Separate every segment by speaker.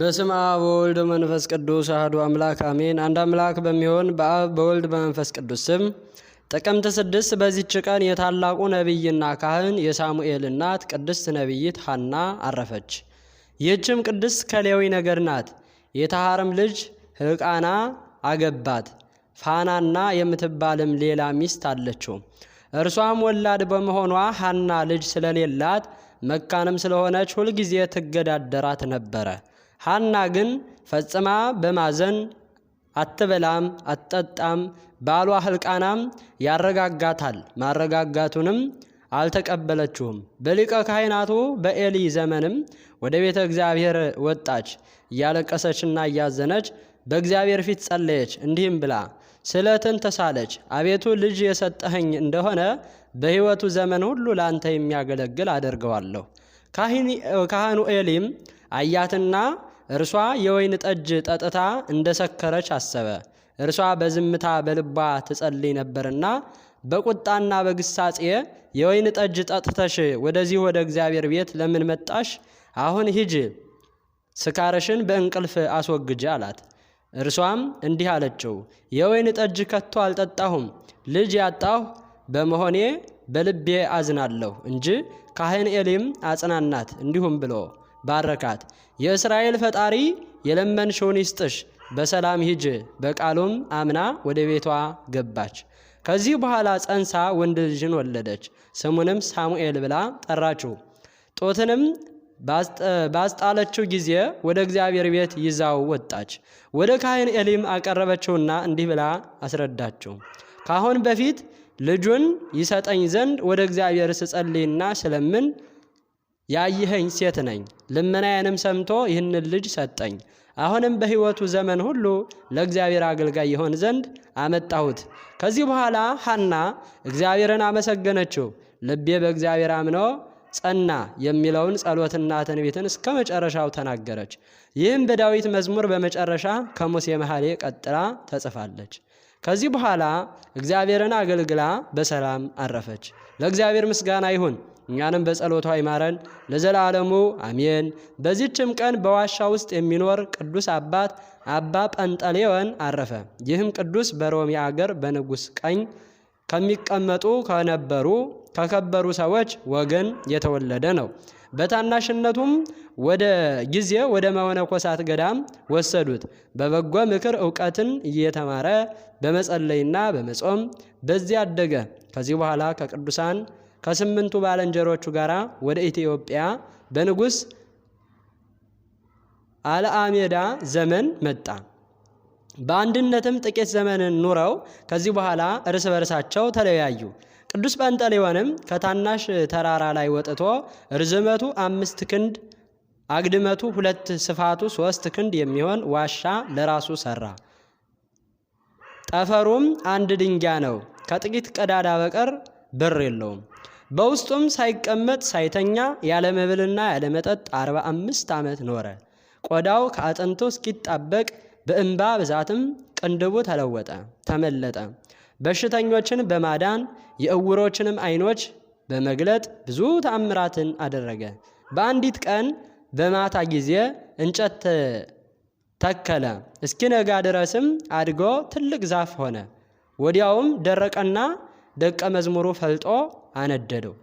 Speaker 1: በስም አብ ወልድ መንፈስ ቅዱስ አህዱ አምላክ አሜን። አንድ አምላክ በሚሆን በአብ በወልድ በመንፈስ ቅዱስ ስም ጥቅምት ስድስት በዚች ቀን የታላቁ ነቢይና ካህን የሳሙኤል እናት ቅድስት ነቢይት ሐና አረፈች። ይህችም ቅድስት ከሌዊ ነገር ናት። የታሃርም ልጅ ሕቃና አገባት። ፋናና የምትባልም ሌላ ሚስት አለችው። እርሷም ወላድ በመሆኗ ሐና ልጅ ስለሌላት መካንም ስለሆነች ሁልጊዜ ትገዳደራት ነበረ። ሐና ግን ፈጽማ በማዘን አትበላም አትጠጣም። ባሏ ሕልቃናም ያረጋጋታል፣ ማረጋጋቱንም አልተቀበለችውም። በሊቀ ካህናቱ በኤሊ ዘመንም ወደ ቤተ እግዚአብሔር ወጣች፣ እያለቀሰችና እያዘነች በእግዚአብሔር ፊት ጸለየች። እንዲህም ብላ ስለትን ተሳለች። አቤቱ ልጅ የሰጠኸኝ እንደሆነ በሕይወቱ ዘመን ሁሉ ለአንተ የሚያገለግል አደርገዋለሁ። ካህኑ ኤሊም አያትና እርሷ የወይን ጠጅ ጠጥታ እንደ ሰከረች አሰበ። እርሷ በዝምታ በልቧ ትጸልይ ነበርና በቁጣና በግሳጼ የወይን ጠጅ ጠጥተሽ ወደዚህ ወደ እግዚአብሔር ቤት ለምን መጣሽ? አሁን ሂጅ፣ ስካርሽን በእንቅልፍ አስወግጅ አላት። እርሷም እንዲህ አለችው፣ የወይን ጠጅ ከቶ አልጠጣሁም፣ ልጅ ያጣሁ በመሆኔ በልቤ አዝናለሁ እንጂ ካህን ኤሊም አጽናናት እንዲሁም ብሎ ባረካት። የእስራኤል ፈጣሪ የለመንሽውን ይስጥሽ፣ በሰላም ሂጅ። በቃሉም አምና ወደ ቤቷ ገባች። ከዚህ በኋላ ጸንሳ ወንድ ልጅን ወለደች። ስሙንም ሳሙኤል ብላ ጠራችው። ጦትንም ባስጣለችው ጊዜ ወደ እግዚአብሔር ቤት ይዛው ወጣች። ወደ ካህን ኤሊም አቀረበችውና እንዲህ ብላ አስረዳችው። ካሁን በፊት ልጁን ይሰጠኝ ዘንድ ወደ እግዚአብሔር ስጸልይና ስለምን ያየኸኝ ሴት ነኝ፣ ልመናዬንም ሰምቶ ይህንን ልጅ ሰጠኝ። አሁንም በሕይወቱ ዘመን ሁሉ ለእግዚአብሔር አገልጋይ ይሆን ዘንድ አመጣሁት። ከዚህ በኋላ ሐና እግዚአብሔርን አመሰገነችው። ልቤ በእግዚአብሔር አምኖ ጸና የሚለውን ጸሎትና ትንቢትን እስከ መጨረሻው ተናገረች። ይህም በዳዊት መዝሙር በመጨረሻ ከሙሴ መሐሌ ቀጥላ ተጽፋለች። ከዚህ በኋላ እግዚአብሔርን አገልግላ በሰላም አረፈች። ለእግዚአብሔር ምስጋና ይሁን። እኛንም በጸሎቷ ይማረን ለዘላለሙ አሜን። በዚችም ቀን በዋሻ ውስጥ የሚኖር ቅዱስ አባት አባ ጰንጠሌዎን አረፈ። ይህም ቅዱስ በሮሚ አገር በንጉሥ ቀኝ ከሚቀመጡ ከነበሩ ከከበሩ ሰዎች ወገን የተወለደ ነው። በታናሽነቱም ወደ ጊዜ ወደ መነኮሳት ገዳም ወሰዱት። በበጎ ምክር እውቀትን እየተማረ በመጸለይና በመጾም በዚያ አደገ። ከዚህ በኋላ ከቅዱሳን ከስምንቱ ባለንጀሮቹ ጋር ወደ ኢትዮጵያ በንጉስ አልአሜዳ ዘመን መጣ። በአንድነትም ጥቂት ዘመንን ኑረው ከዚህ በኋላ እርስ በርሳቸው ተለያዩ። ቅዱስ ጳንጠሌዎንም ከታናሽ ተራራ ላይ ወጥቶ ርዝመቱ አምስት ክንድ አግድመቱ ሁለት ስፋቱ ሶስት ክንድ የሚሆን ዋሻ ለራሱ ሰራ። ጠፈሩም አንድ ድንጋይ ነው። ከጥቂት ቀዳዳ በቀር በር የለውም። በውስጡም ሳይቀመጥ ሳይተኛ ያለ መብልና ያለ መጠጥ አርባ አምስት ዓመት ኖረ። ቆዳው ከአጥንቱ እስኪጣበቅ በእንባ ብዛትም ቅንድቡ ተለወጠ ተመለጠ። በሽተኞችን በማዳን የእውሮችንም ዓይኖች በመግለጥ ብዙ ተአምራትን አደረገ። በአንዲት ቀን በማታ ጊዜ እንጨት ተከለ። እስኪነጋ ድረስም አድጎ ትልቅ ዛፍ ሆነ። ወዲያውም ደረቀና ደቀ መዝሙሩ ፈልጦ አነደደው።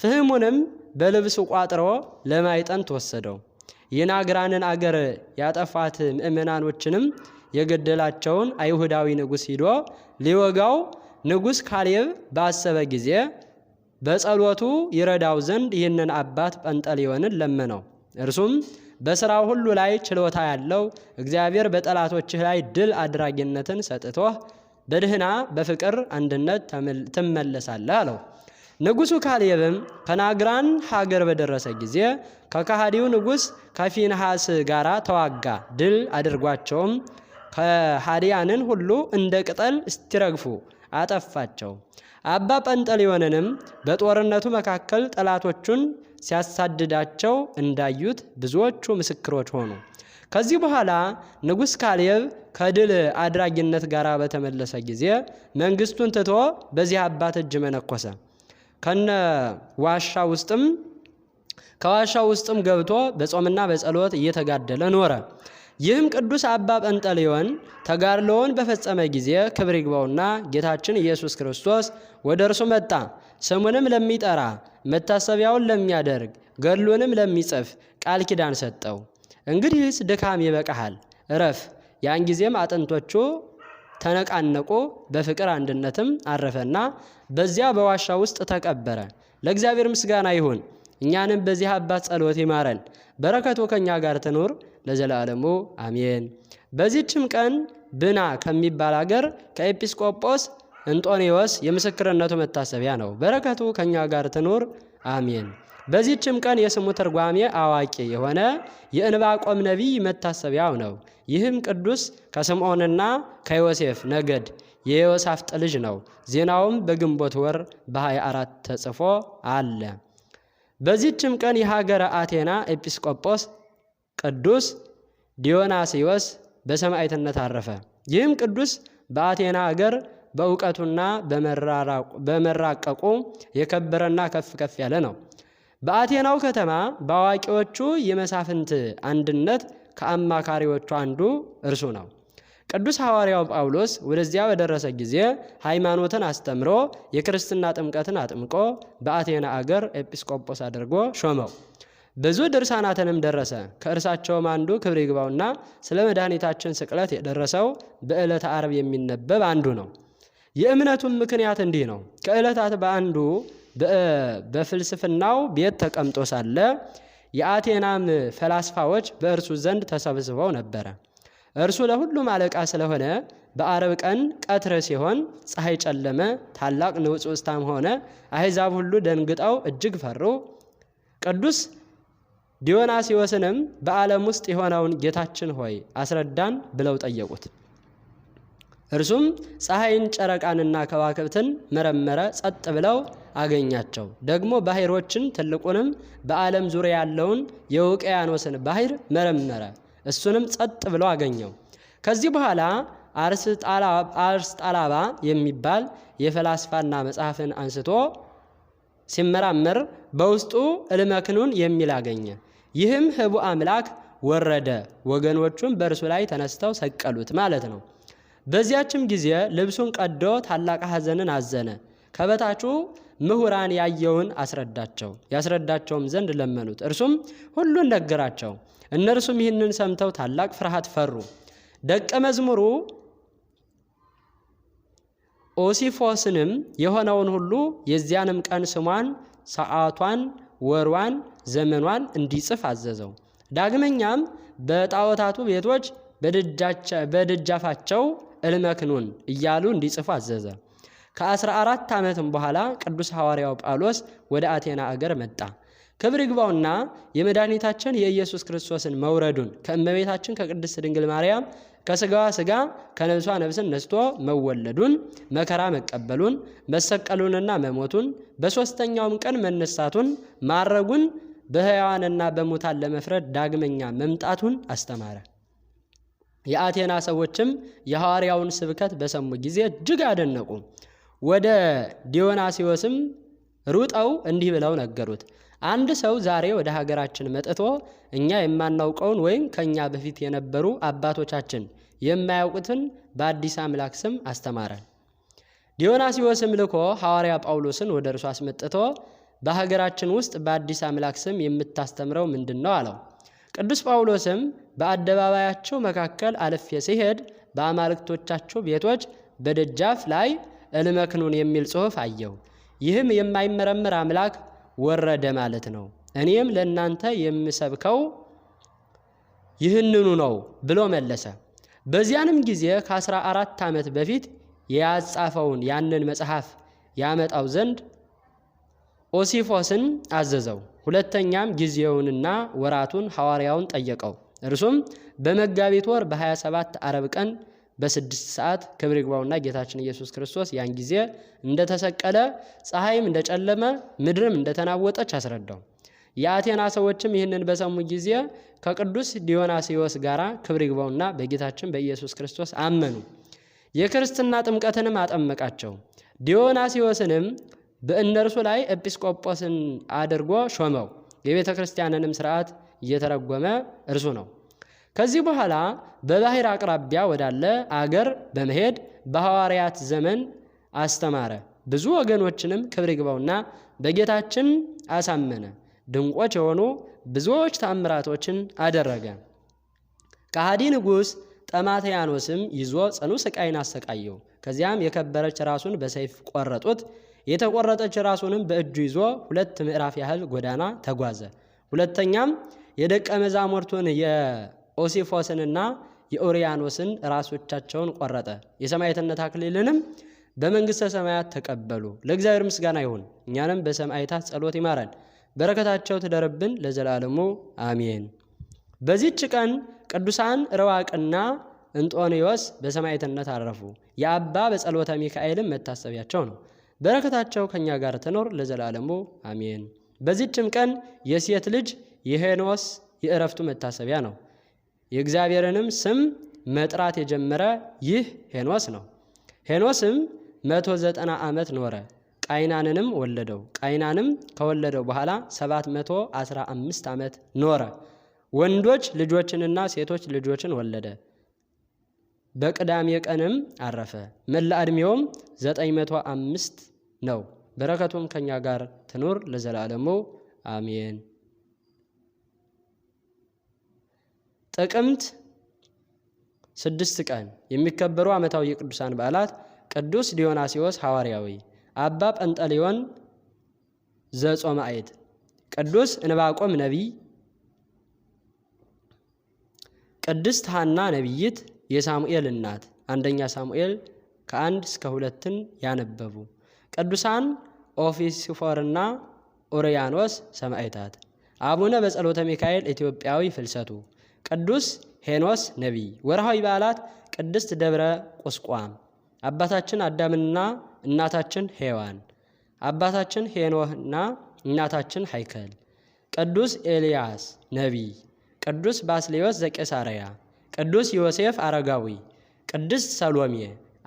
Speaker 1: ፍህሙንም በልብሱ ቋጥሮ ለማይጠንት ወሰደው። የናግራንን አገር ያጠፋት ምእመናኖችንም የገደላቸውን አይሁዳዊ ንጉሥ ሂዶ ሊወጋው ንጉሥ ካሌብ ባሰበ ጊዜ በጸሎቱ ይረዳው ዘንድ ይህንን አባት ጰንጠሌዎንን ለመነው። እርሱም በሥራው ሁሉ ላይ ችሎታ ያለው እግዚአብሔር በጠላቶችህ ላይ ድል አድራጊነትን ሰጥቶህ በድህና በፍቅር አንድነት ትመለሳለህ አለው። ንጉሱ ካሌብም ከናግራን ሀገር በደረሰ ጊዜ ከካሃዲው ንጉስ ከፊንሐስ ጋር ተዋጋ። ድል አድርጓቸውም ከሃዲያንን ሁሉ እንደ ቅጠል እስቲረግፉ አጠፋቸው። አባ ጰንጠሊዮንንም በጦርነቱ መካከል ጠላቶቹን ሲያሳድዳቸው እንዳዩት ብዙዎቹ ምስክሮች ሆኑ። ከዚህ በኋላ ንጉሥ ካሌብ ከድል አድራጊነት ጋር በተመለሰ ጊዜ መንግስቱን ትቶ በዚህ አባት እጅ መነኮሰ። ከነ ዋሻ ውስጥም ከዋሻ ውስጥም ገብቶ በጾምና በጸሎት እየተጋደለ ኖረ። ይህም ቅዱስ አባ ጰንጠሌዎን ተጋድሎውን በፈጸመ ጊዜ ክብር ይግባውና ጌታችን ኢየሱስ ክርስቶስ ወደ እርሱ መጣ። ስሙንም ለሚጠራ መታሰቢያውን ለሚያደርግ ገድሉንም ለሚጽፍ ቃል ኪዳን ሰጠው። እንግዲህስ ድካም ይበቃሃል፣ እረፍ። ያን ጊዜም አጥንቶቹ ተነቃነቁ፣ በፍቅር አንድነትም አረፈና በዚያ በዋሻ ውስጥ ተቀበረ። ለእግዚአብሔር ምስጋና ይሁን። እኛንም በዚህ አባት ጸሎት ይማረን፣ በረከቱ ከእኛ ጋር ትኑር ለዘላለሙ አሜን። በዚህችም ቀን ብና ከሚባል አገር ከኤጲስቆጶስ እንጦኔዎስ የምስክርነቱ መታሰቢያ ነው። በረከቱ ከእኛ ጋር ትኑር አሜን። በዚህችም ቀን የስሙ ትርጓሜ አዋቂ የሆነ የእንባቆም ነቢይ መታሰቢያው ነው። ይህም ቅዱስ ከስምዖንና ከዮሴፍ ነገድ የዮሳፍጥ ልጅ ነው። ዜናውም በግንቦት ወር በ24 ተጽፎ አለ። በዚህችም ቀን የሀገረ አቴና ኤጲስቆጶስ ቅዱስ ዲዮናስዮስ በሰማዕትነት አረፈ። ይህም ቅዱስ በአቴና አገር በእውቀቱና በመራቀቁ የከበረና ከፍ ከፍ ያለ ነው። በአቴናው ከተማ በአዋቂዎቹ የመሳፍንት አንድነት ከአማካሪዎቹ አንዱ እርሱ ነው። ቅዱስ ሐዋርያው ጳውሎስ ወደዚያ በደረሰ ጊዜ ሃይማኖትን አስተምሮ የክርስትና ጥምቀትን አጥምቆ በአቴና አገር ኤጲስቆጶስ አድርጎ ሾመው። ብዙ ድርሳናትንም ደረሰ። ከእርሳቸውም አንዱ ክብር ይግባውና ስለ መድኃኒታችን ስቅለት የደረሰው በዕለተ አርብ የሚነበብ አንዱ ነው። የእምነቱም ምክንያት እንዲህ ነው። ከዕለታት በአንዱ በፍልስፍናው ቤት ተቀምጦ ሳለ የአቴናም ፈላስፋዎች በእርሱ ዘንድ ተሰብስበው ነበረ። እርሱ ለሁሉም አለቃ ስለሆነ በአረብ ቀን ቀትር ሲሆን ፀሐይ ጨለመ፣ ታላቅ ንውፅ ውስታም ሆነ። አሕዛብ ሁሉ ደንግጠው እጅግ ፈሩ። ቅዱስ ዲዮናሲዎስንም በዓለም ውስጥ የሆነውን ጌታችን ሆይ አስረዳን ብለው ጠየቁት። እርሱም ፀሐይን ጨረቃንና ከዋክብትን መረመረ፣ ጸጥ ብለው አገኛቸው። ደግሞ ባሕሮችን ትልቁንም በዓለም ዙሪያ ያለውን የውቅያኖስን ባሕር መረመረ። እሱንም ጸጥ ብሎ አገኘው። ከዚህ በኋላ አርስጣላባ የሚባል የፈላስፋና መጽሐፍን አንስቶ ሲመራመር በውስጡ እልመክኑን የሚል አገኘ። ይህም ህቡ አምላክ ወረደ፣ ወገኖቹም በእርሱ ላይ ተነስተው ሰቀሉት ማለት ነው። በዚያችም ጊዜ ልብሱን ቀዶ ታላቅ ሐዘንን አዘነ። ከበታቹ ምሁራን ያየውን አስረዳቸው ያስረዳቸውም ዘንድ ለመኑት። እርሱም ሁሉን ነገራቸው። እነርሱም ይህንን ሰምተው ታላቅ ፍርሃት ፈሩ። ደቀ መዝሙሩ ኦሲፎስንም የሆነውን ሁሉ የዚያንም ቀን ስሟን፣ ሰዓቷን፣ ወሯን፣ ዘመኗን እንዲጽፍ አዘዘው። ዳግመኛም በጣዖታቱ ቤቶች በደጃፋቸው እልመክኑን እያሉ እንዲጽፉ አዘዘ። ከአስራ አራት ዓመትም በኋላ ቅዱስ ሐዋርያው ጳውሎስ ወደ አቴና አገር መጣ። ክብር ይግባውና የመድኃኒታችን የኢየሱስ ክርስቶስን መውረዱን ከእመቤታችን ከቅድስት ድንግል ማርያም ከስጋዋ ስጋ ከነብሷ ነብስን ነስቶ መወለዱን መከራ መቀበሉን መሰቀሉንና መሞቱን በሦስተኛውም ቀን መነሳቱን ማረጉን በሕያዋንና በሙታን ለመፍረድ ዳግመኛ መምጣቱን አስተማረ። የአቴና ሰዎችም የሐዋርያውን ስብከት በሰሙ ጊዜ እጅግ አደነቁ። ወደ ዲዮናሲዎስም ሩጠው እንዲህ ብለው ነገሩት። አንድ ሰው ዛሬ ወደ ሀገራችን መጥቶ እኛ የማናውቀውን ወይም ከእኛ በፊት የነበሩ አባቶቻችን የማያውቁትን በአዲስ አምላክ ስም አስተማረን። ዲዮናሲዎስም ልኮ ሐዋርያ ጳውሎስን ወደ እርሱ አስመጥቶ በሀገራችን ውስጥ በአዲስ አምላክ ስም የምታስተምረው ምንድን ነው? አለው። ቅዱስ ጳውሎስም በአደባባያቸው መካከል አልፌ ሲሄድ በአማልክቶቻቸው ቤቶች በደጃፍ ላይ እልመክኑን የሚል ጽሑፍ አየው ይህም የማይመረምር አምላክ ወረደ ማለት ነው። እኔም ለእናንተ የምሰብከው ይህንኑ ነው ብሎ መለሰ። በዚያንም ጊዜ ከአስራ አራት ዓመት በፊት ያጻፈውን ያንን መጽሐፍ ያመጣው ዘንድ ኦሲፎስን አዘዘው። ሁለተኛም ጊዜውንና ወራቱን ሐዋርያውን ጠየቀው። እርሱም በመጋቢት ወር በ27 አረብ ቀን በስድስት ሰዓት ክብር ይግባውና ጌታችን ኢየሱስ ክርስቶስ ያን ጊዜ እንደተሰቀለ ፀሐይም እንደጨለመ ምድርም እንደተናወጠች አስረዳው። የአቴና ሰዎችም ይህንን በሰሙ ጊዜ ከቅዱስ ዲዮናስዮስ ጋር ክብር ይግባውና በጌታችን በኢየሱስ ክርስቶስ አመኑ። የክርስትና ጥምቀትንም አጠመቃቸው። ዲዮናስዮስንም በእነርሱ ላይ ኤጲስቆጶስን አድርጎ ሾመው። የቤተ ክርስቲያንንም ስርዓት እየተረጎመ እርሱ ነው። ከዚህ በኋላ በባህር አቅራቢያ ወዳለ አገር በመሄድ በሐዋርያት ዘመን አስተማረ። ብዙ ወገኖችንም ክብር ይግባውና በጌታችን አሳመነ። ድንቆች የሆኑ ብዙዎች ታምራቶችን አደረገ። ከሃዲ ንጉሥ ጠማቴያኖስም ይዞ ጽኑ ስቃይን አሰቃየው። ከዚያም የከበረች ራሱን በሰይፍ ቆረጡት። የተቆረጠች ራሱንም በእጁ ይዞ ሁለት ምዕራፍ ያህል ጎዳና ተጓዘ። ሁለተኛም የደቀ መዛሙርቱን ኦሲፎስንና የኦሪያኖስን ራሶቻቸውን ቆረጠ። የሰማዕትነት አክሊልንም በመንግሥተ ሰማያት ተቀበሉ። ለእግዚአብሔር ምስጋና ይሁን፣ እኛንም በሰማዕታት ጸሎት ይማረን፣ በረከታቸው ትደርብን ለዘላለሙ አሜን። በዚች ቀን ቅዱሳን ረዋቅና እንጦንዮስ በሰማዕትነት አረፉ። የአባ በጸሎተ ሚካኤልም መታሰቢያቸው ነው። በረከታቸው ከእኛ ጋር ትኖር ለዘላለሙ አሜን። በዚችም ቀን የሴት ልጅ የሄኖስ የእረፍቱ መታሰቢያ ነው። የእግዚአብሔርንም ስም መጥራት የጀመረ ይህ ሄኖስ ነው። ሄኖስም መቶ ዘጠና ዓመት ኖረ፣ ቃይናንንም ወለደው። ቃይናንም ከወለደው በኋላ ሰባት መቶ አስራ አምስት ዓመት ኖረ። ወንዶች ልጆችንና ሴቶች ልጆችን ወለደ። በቅዳሜ ቀንም አረፈ። መላ ዕድሜውም ዘጠኝ መቶ አምስት ነው። በረከቱም ከእኛ ጋር ትኑር ለዘላለሙ አሜን። ጥቅምት ስድስት ቀን የሚከበሩ ዓመታዊ የቅዱሳን በዓላት ቅዱስ ዲዮናሲዎስ ሐዋርያዊ፣ አባ ጰንጠሌዎን ዘጾማኤት፣ ቅዱስ እንባቆም ነቢይ፣ ቅድስት ሐና ነቢይት የሳሙኤል እናት አንደኛ ሳሙኤል ከአንድ እስከ ሁለትን ያነበቡ ቅዱሳን ኦፊስፎርና ኦሪያኖስ ሰማዕታት። አቡነ በጸሎተ ሚካኤል ኢትዮጵያዊ ፍልሰቱ ቅዱስ ሄኖስ ነቢይ። ወርሃዊ በዓላት ቅድስት ደብረ ቁስቋም፣ አባታችን አዳምና እናታችን ሔዋን፣ አባታችን ሄኖህና እናታችን ሃይከል፣ ቅዱስ ኤልያስ ነቢይ፣ ቅዱስ ባስሌዎስ ዘቄሳርያ፣ ቅዱስ ዮሴፍ አረጋዊ፣ ቅድስት ሰሎሜ፣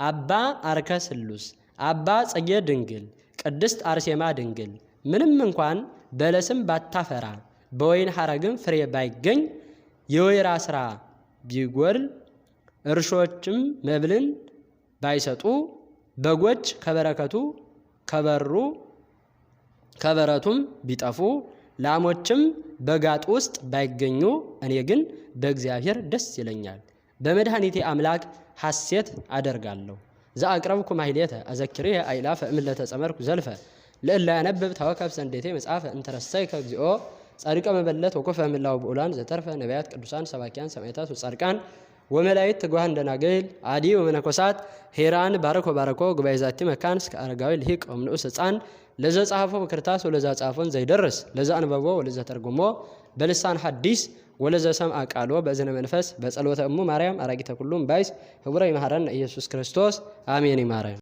Speaker 1: አባ አርከ ስሉስ፣ አባ ጽጌ ድንግል፣ ቅድስት አርሴማ ድንግል ምንም እንኳን በለስም ባታፈራ በወይን ሐረግም ፍሬ ባይገኝ የወይራ ስራ ቢጎል እርሾችም መብልን ባይሰጡ በጎች ከበረከቱ ከበሩ ከበረቱም ቢጠፉ ላሞችም በጋጥ ውስጥ ባይገኙ እኔ ግን በእግዚአብሔር ደስ ይለኛል፣ በመድኃኒቴ አምላክ ሐሴት አደርጋለሁ። ዘአቅረብኩ ማሕሌተ አዘኪሬ እምለተ ጸመርኩ ዘልፈ ለእላ ያነብብ ታወከብ ሰንዴቴ መጽሐፈ እንተረሳይ ከእግዚኦ ጻድቀ መበለት ወኮፈ ምላው ብኡላን ዘተርፈ ነቢያት፣ ቅዱሳን፣ ሰባኪያን፣ ሰማዕታት ወጻድቃን ወመላእክት ትጓሃን ደናግል አዲ ወመነኮሳት ሄራን ባረኮ ባረኮ ጉባኤ ዛቲ መካን እስከ አረጋዊ ልሂቅ ወምንዑስ ሕፃን ለዘ ጻሐፎ በክርታስ ወለዛ ጻፎን ዘይደርስ ለዛ አንበቦ ወለዛ ተርጉሞ በልሳን ሐዲስ ወለዘ ሰም አቃሎ በእዝነ መንፈስ በጸሎተ እሙ ማርያም አራቂተ ኩሉ ባይስ ህቡረ ይመሐረነ ኢየሱስ ክርስቶስ አሜን። ይማረ